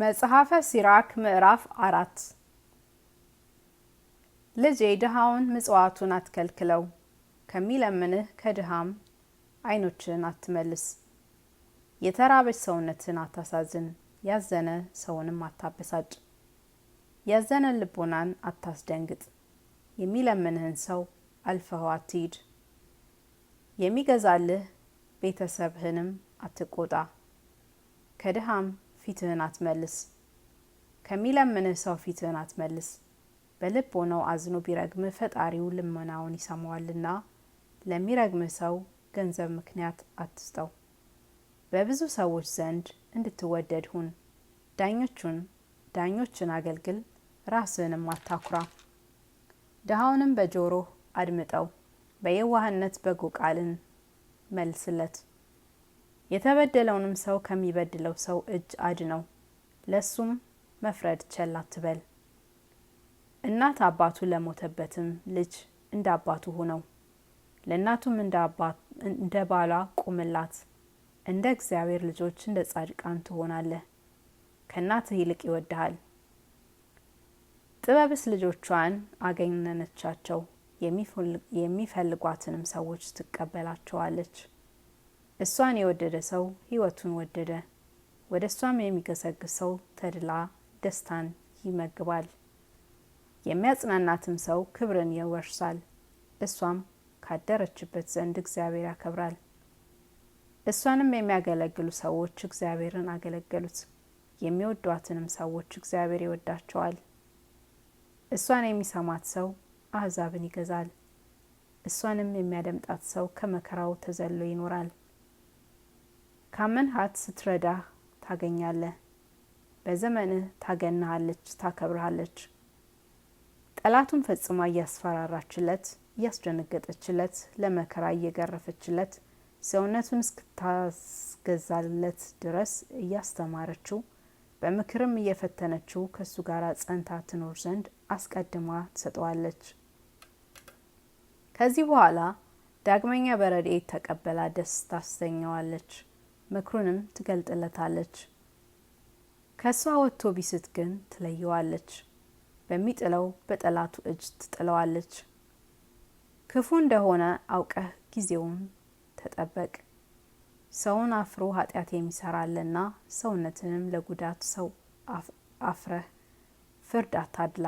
መጽሐፈ ሲራክ ምዕራፍ አራት ልጄ ድሃውን ምጽዋቱን አትከልክለው፣ ከሚለምንህ ከድሃም አይኖችን አትመልስ። የተራበች ሰውነትን አታሳዝን፣ ያዘነ ሰውንም አታበሳጭ። ያዘነ ልቦናን አታስደንግጥ፣ የሚለምንህን ሰው አልፈው አትሂድ። የሚገዛልህ ቤተሰብህንም አትቆጣ፣ ከድሃም ፊትህን አትመልስ፣ ከሚለምንህ ሰው ፊትህን አትመልስ። በልብ ሆነው አዝኖ ቢረግምህ ፈጣሪው ልመናውን ይሰማዋልና ለሚረግምህ ሰው ገንዘብ ምክንያት አትስጠው። በብዙ ሰዎች ዘንድ እንድትወደድ ሁን። ዳኞቹን ዳኞችን አገልግል፣ ራስህንም አታኩራ። ድሃውንም በጆሮህ አድምጠው፣ በየዋህነት በጎ ቃልን መልስለት። የተበደለውንም ሰው ከሚበድለው ሰው እጅ አድነው፣ ለሱም መፍረድ ቸል አትበል። እናት አባቱ ለሞተበትም ልጅ እንደ አባቱ ሁነው፣ ለእናቱም እንደ ባሏ ቁምላት። እንደ እግዚአብሔር ልጆች እንደ ጻድቃን ትሆናለህ፣ ከእናትህ ይልቅ ይወድሃል። ጥበብስ ልጆቿን አገኝነነቻቸው የሚፈልጓትንም ሰዎች ትቀበላቸዋለች። እሷን የወደደ ሰው ህይወቱን ወደደ። ወደ እሷም የሚገሰግስ ሰው ተድላ ደስታን ይመግባል። የሚያጽናናትም ሰው ክብርን ይወርሳል። እሷም ካደረችበት ዘንድ እግዚአብሔር ያከብራል። እሷንም የሚያገለግሉ ሰዎች እግዚአብሔርን አገለገሉት። የሚወዷትንም ሰዎች እግዚአብሔር ይወዳቸዋል። እሷን የሚሰማት ሰው አሕዛብን ይገዛል። እሷንም የሚያደምጣት ሰው ከመከራው ተዘሎ ይኖራል። ካመንሃት ስትረዳ ታገኛለህ። በዘመንህ ታገናሃለች፣ ታከብርሃለች። ጠላቱን ፈጽማ እያስፈራራችለት እያስደነገጠችለት ለመከራ እየገረፈችለት ሰውነቱን እስክታስገዛለት ድረስ እያስተማረችው በምክርም እየፈተነችው ከእሱ ጋር ጸንታ ትኖር ዘንድ አስቀድማ ትሰጠዋለች። ከዚህ በኋላ ዳግመኛ በረድኤት ተቀበላ ደስ ታሰኘዋለች። ምክሩንም ትገልጥለታለች። ከእሷ ወጥቶ ቢስት ግን ትለየዋለች፣ በሚጥለው በጠላቱ እጅ ትጥለዋለች። ክፉ እንደሆነ አውቀህ ጊዜውን ተጠበቅ። ሰውን አፍሮ ኃጢአት የሚሰራልና ሰውነትንም ለጉዳት ሰው አፍረህ ፍርድ አታድላ።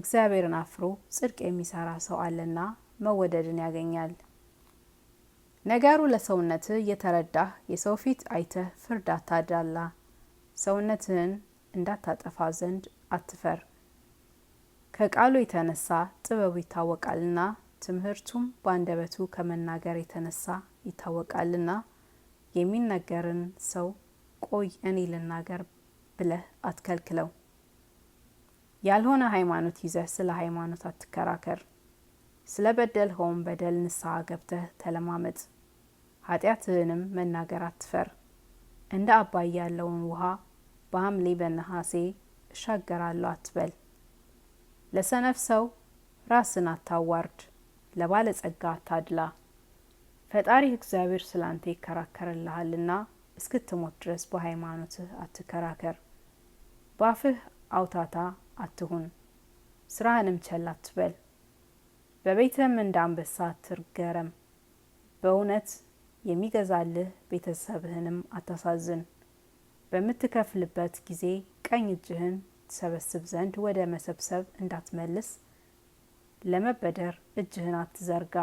እግዚአብሔርን አፍሮ ጽድቅ የሚሰራ ሰው አለና መወደድን ያገኛል። ነገሩ ለሰውነት እየተረዳህ የሰው ፊት አይተህ ፍርድ አታዳላ። ሰውነትህን እንዳታጠፋ ዘንድ አትፈር። ከቃሉ የተነሳ ጥበቡ ይታወቃልና፣ ትምህርቱም በአንደበቱ ከመናገር የተነሳ ይታወቃልና። የሚነገርን ሰው ቆይ እኔ ልናገር ብለህ አትከልክለው። ያልሆነ ሃይማኖት ይዘህ ስለ ሃይማኖት አትከራከር። ስለ በደልኸውም በደል ንስሐ ገብተህ ተለማመጥ። ኃጢአትህንም መናገር አትፈር። እንደ አባይ ያለውን ውሃ በሐምሌ በነሐሴ እሻገራለሁ አትበል። ለሰነፍ ሰው ራስን አታዋርድ፣ ለባለጸጋ አታድላ። ፈጣሪህ እግዚአብሔር ስላንተ ይከራከርልሃልና እስክትሞት ድረስ በሃይማኖትህ አትከራከር። ባፍህ አውታታ አትሁን፣ ስራህንም ቸል አትበል። በቤትህም እንደ አንበሳ አትርገረም። በእውነት የሚገዛልህ ቤተሰብህንም አታሳዝን። በምትከፍልበት ጊዜ ቀኝ እጅህን ትሰበስብ ዘንድ ወደ መሰብሰብ እንዳትመልስ፣ ለመበደር እጅህን አትዘርጋ።